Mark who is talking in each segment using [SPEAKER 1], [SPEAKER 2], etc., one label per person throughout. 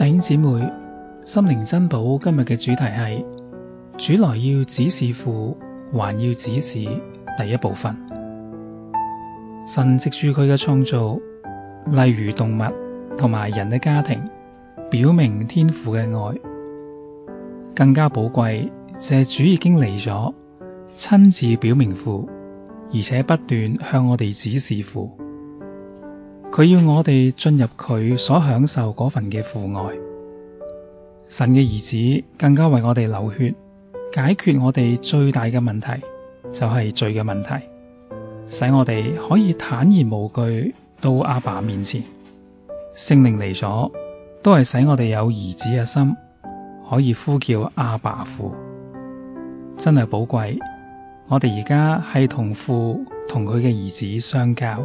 [SPEAKER 1] 弟兄姊妹，心靈珍寶，今日嘅主題係主來要指示父，還要指示第一部分。神藉住佢嘅創造，例如動物同埋人嘅家庭，表明天父嘅愛。更加寶貴，借主已經嚟咗，親自表明父，而且不斷向我哋指示父。佢要我哋進入佢所享受嗰份嘅父愛，神嘅兒子更加為我哋流血，解決我哋最大嘅問題就係罪嘅問題，使我哋可以坦然無懼到阿爸面前。聖靈嚟咗，都係使我哋有兒子嘅心，可以呼叫阿爸父，真係寶貴。我哋而家係同父同佢嘅兒子相交。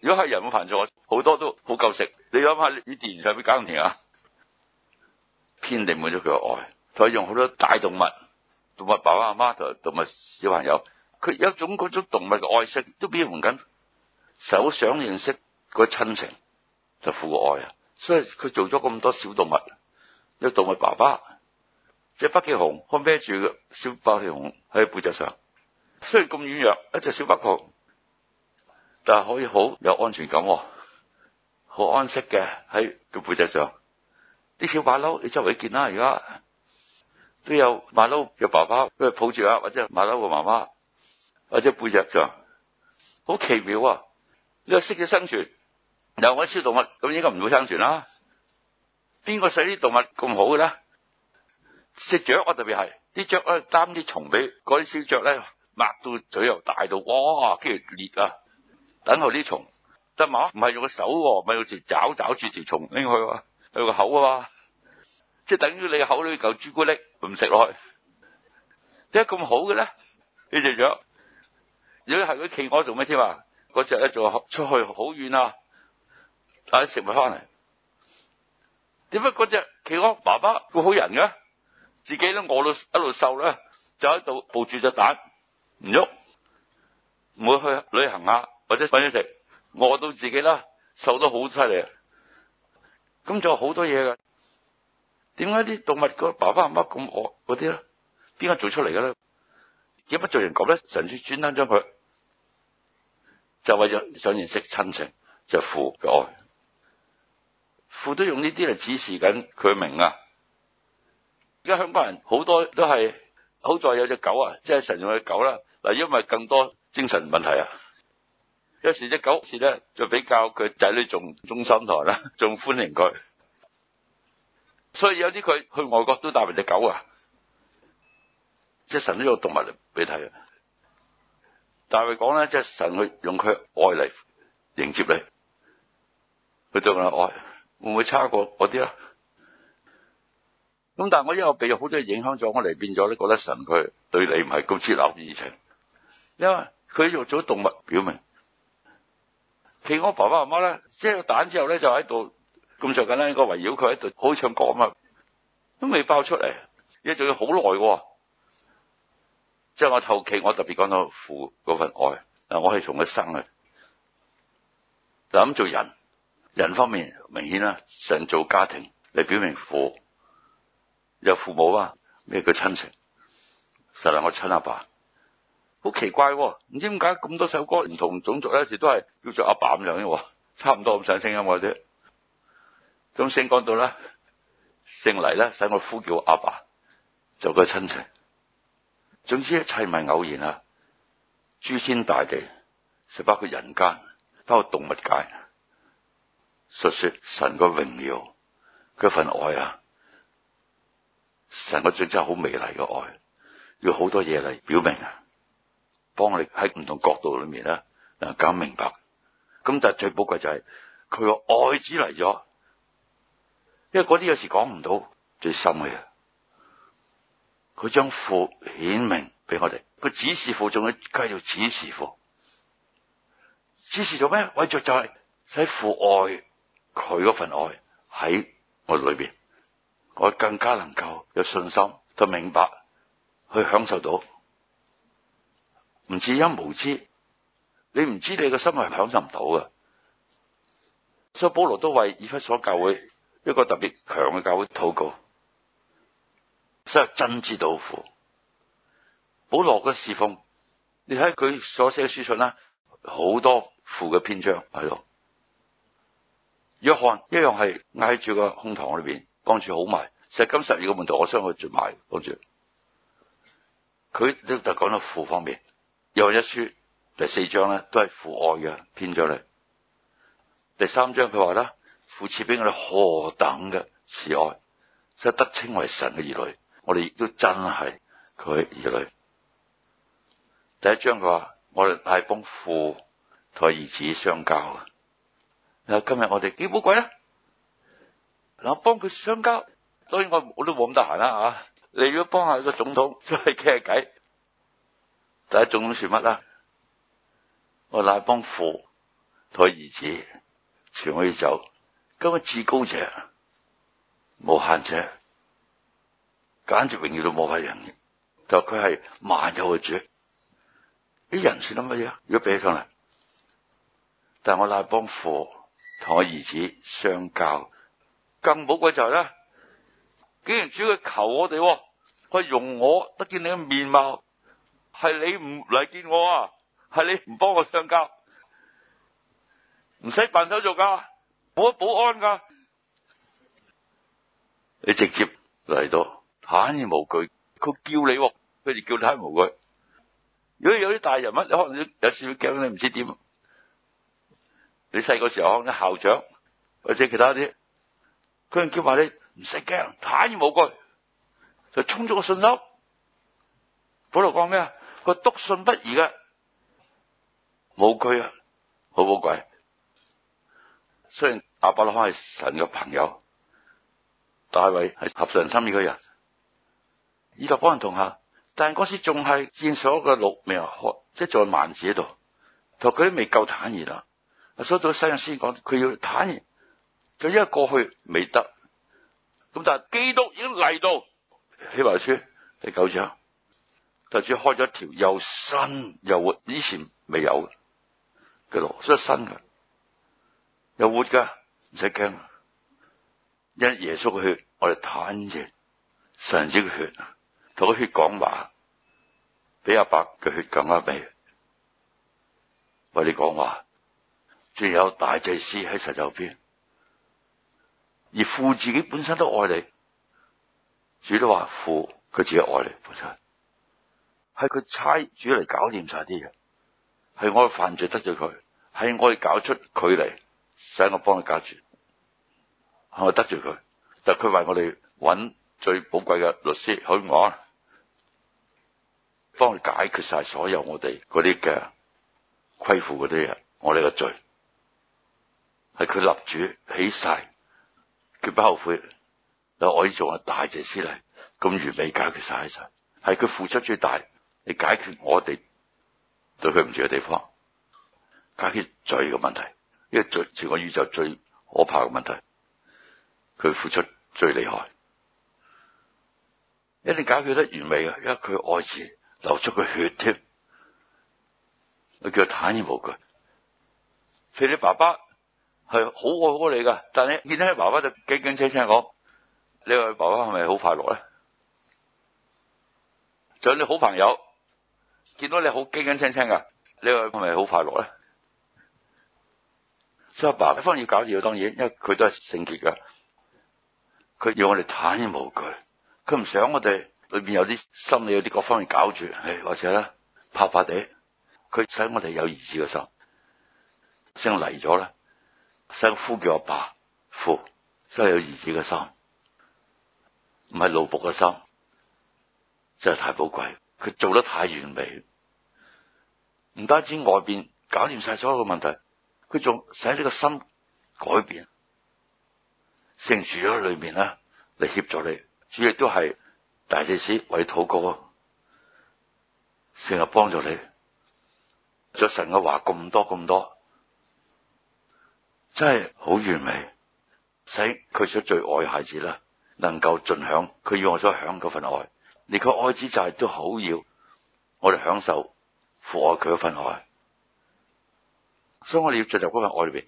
[SPEAKER 1] 如果係人冇飯做，好多都好夠食。你諗下，以大自然俾耕田啊，天定滿咗佢個愛，佢用好多大動物、動物爸爸媽媽同動物小朋友，佢有一種嗰種動物嘅愛惜，都變換緊手想認識個親情，就父愛啊。所以佢做咗咁多小動物，有動物爸爸，隻北極熊，可孭住個小北極熊喺背脊上，雖然咁軟弱，一隻小北熊。但係可以好有安全感，好安息嘅喺個背脊上。啲小馬騮，你周圍見啦，而家都有馬騮嘅爸爸，佢抱住啊，或者馬騮嘅媽媽，或者背脊上，好奇妙啊！呢個適者生存，有嗰啲小動物咁應該唔會生存啦、啊。邊個使啲動物咁好嘅咧？食雀啊，特別係啲雀啊擔啲蟲俾嗰啲小雀咧，抹到嘴又大到哇，哦、跟住裂啊！等佢啲蟲得嘛？唔係用個手，咪用隻爪爪住條蟲拎去。佢個口啊嘛，即係等於你口裏嚿朱古力唔食落去，點解咁好嘅咧？呢隻雀，如果係佢企鵝做咩添啊？嗰隻咧就出去好遠啊，帶啲食物翻嚟。點解嗰隻企鵝爸爸咁好人嘅啊？自己都餓到一路瘦咧，就喺度抱住隻蛋唔喐，唔會去旅行啊！或者揾嘢食，餓到自己啦，瘦得好犀利嘅，咁仲有好多嘢噶。點解啲動物個爸爸媽媽咁惡嗰啲咧？邊個做出嚟噶咧？點解做人咁咧？神主專登將佢就為咗想認識親情，就是、父嘅愛父都用呢啲嚟指示緊佢明啊。而家香港人好多都係好在有隻狗啊，即、就、係、是、神用嘅狗啦、啊、嗱，因為更多精神問題啊。有時隻狗似咧，時就比較佢仔女仲中心台啦，仲歡迎佢。所以有啲佢去外國都帶埋隻狗啊，即係神都有動物嚟俾睇。但係佢講咧，即係神佢用佢愛嚟迎接你，佢對個愛會唔會差過我啲啊？咁但係我因為我被好多嘢影響咗，我嚟變咗你覺得神佢對你唔係咁接納熱情。因為佢用咗動物表明。企我爸爸媽媽咧，即係個蛋之後咧，就喺度咁着緊啦，應該圍繞佢喺度，好，好唱歌啊嘛，都未爆出嚟，而家仲要好耐喎。即係我後期我特別講到父嗰份愛，嗱我係從佢生嘅，就咁做人，人方面明顯啦，想做家庭嚟表明父有父母啊，咩叫親情？實係我親阿爸，爸。好奇怪喎、哦！唔知點解咁多首歌唔同種族呢，有時都係叫做阿爸咁樣嘅喎，差唔多咁上聲音嘅啫。咁聖光到啦，聖靈咧使我呼叫阿爸，做個親情。總之一切唔係偶然啊！諸天大地，就包括人間，包括動物界，述說神個榮耀，佢份愛啊！神個最真係好美麗嘅愛，要好多嘢嚟表明啊！幫我哋喺唔同角度裏面咧，嗱搞明白。咁但係最寶貴就係佢個愛子嚟咗，因為嗰啲有時講唔到最深嘅。佢將父顯明俾我哋，佢指示父仲要繼續指示父，指示做咩？為著就係使父愛佢嗰份愛喺我裏邊，我更加能夠有信心，都明白，去享受到。唔知因無知，你唔知你個心係享受唔到㗎。所以保羅都為以弗所教會一個特別強嘅教會禱告，所以真知道父。保羅嘅侍奉，你睇佢所寫嘅書信啦，好多父嘅篇章喺度。約翰一樣係挨住個胸膛裏邊，光住好埋。石金今十二個門徒，我想佢最埋光住，佢就特講到父方面。約壹書第四章咧，都係父愛嘅編咗嚟。第三章佢話啦，父賜俾我哋何等嘅慈愛，所以得稱為神嘅兒女。我哋亦都真係佢兒女。第一章佢話，我哋係幫父同兒子相交。啊，今日我哋幾寶貴啊！嗱，幫佢相交，所以我我都冇咁得閒啦吓。你如果幫下個總統，出去傾下偈。但係總共算乜啦？我拉幫父同我兒子全可以走，咁啊至高者無限者簡直永遠都冇法形容，就佢係萬有嘅主。啲人算諗乜嘢啊？如果比起上嚟，但係我拉幫父同我兒子相交，更冇鬼就係、是、咧，既然主要求我哋，佢容我得見你嘅面貌。係你唔嚟見我啊！係你唔幫我上交，唔使扮手做噶，冇保安噶，你直接嚟到，坦然無懼。佢叫你、啊，佢哋叫你坦然無懼。如果有啲大人物，你可能有少少驚，你唔知點。你細個時候，可能校長或者其他啲，佢人叫話你唔使驚，坦然無懼，就衝咗個信心。保羅講咩啊？佢篤信不疑嘅，冇佢啊，好寶貴。雖然阿伯拉罕係神嘅朋友，大衛係合上心意嘅人，以及方人同下，但嗰時仲係見所嘅路未開，即係在幔子度，同佢都未夠坦然啊。所以到新約先講，佢要坦然，就因為過去未得，咁但係基督已經嚟到。希伯來書第九就只開咗條又新又活，以前未有嘅路，叫咗新嘅又活㗎，唔使驚。因耶穌嘅血，我哋坦然；神子嘅血，同個血講話，比阿伯嘅血更加美。為你講話，仲有大祭司喺神右邊，而父自己本身都愛你，主都話父，佢自己愛你，父親。係佢差主嚟搞掂晒啲嘅。係我犯罪得罪佢，係我哋搞出佢嚟，使我幫佢解決，我得罪佢，但佢為我哋揾最寶貴嘅律師，許我幫幫佢解決晒所有我哋嗰啲嘅虧負嗰啲嘢，我哋嘅罪係佢立主起晒，決不後悔。嗱，我以做啊大謝師嚟，咁完美解決晒晒，係佢付出最大。你解決我哋對佢唔住嘅地方，解決罪嘅問題，因為罪，整個宇宙最可怕嘅問題，佢付出最厲害，一定解決得完美嘅，因為佢愛子流出嘅血添，我叫佢坦然無懼。譬如你爸爸係好愛好你噶，但你見到你爸爸就驚驚聲聲講，你個爸爸係咪好快樂咧？仲有你好朋友。見到你好驚驚青青噶你話係咪好快樂咧？所以阿爸一方要搞住，當然，因為佢都係聖潔噶佢要我哋坦然無懼，佢唔想我哋裏邊有啲心理有啲各方面搞住，哎，或者咧怕怕地，佢使我哋有兒子嘅心，先嚟咗咧，先呼叫阿爸父，先有兒子嘅心，唔係奴僕嘅心，真係太寶貴。佢做得太完美，唔單止外邊搞掂晒所有嘅問題，佢仲使呢個心改變，成住咗喺裏面啦，嚟協助你，主要都係大祭司為禱告，成日幫助你，咗神嘅話咁多咁多，真係好完美，使佢所最愛的孩子啦，能夠盡享佢要我所享嗰份愛。你嘅愛之就都好要，我哋享受父愛佢嘅份愛，所以我哋要進入嗰份愛裏邊。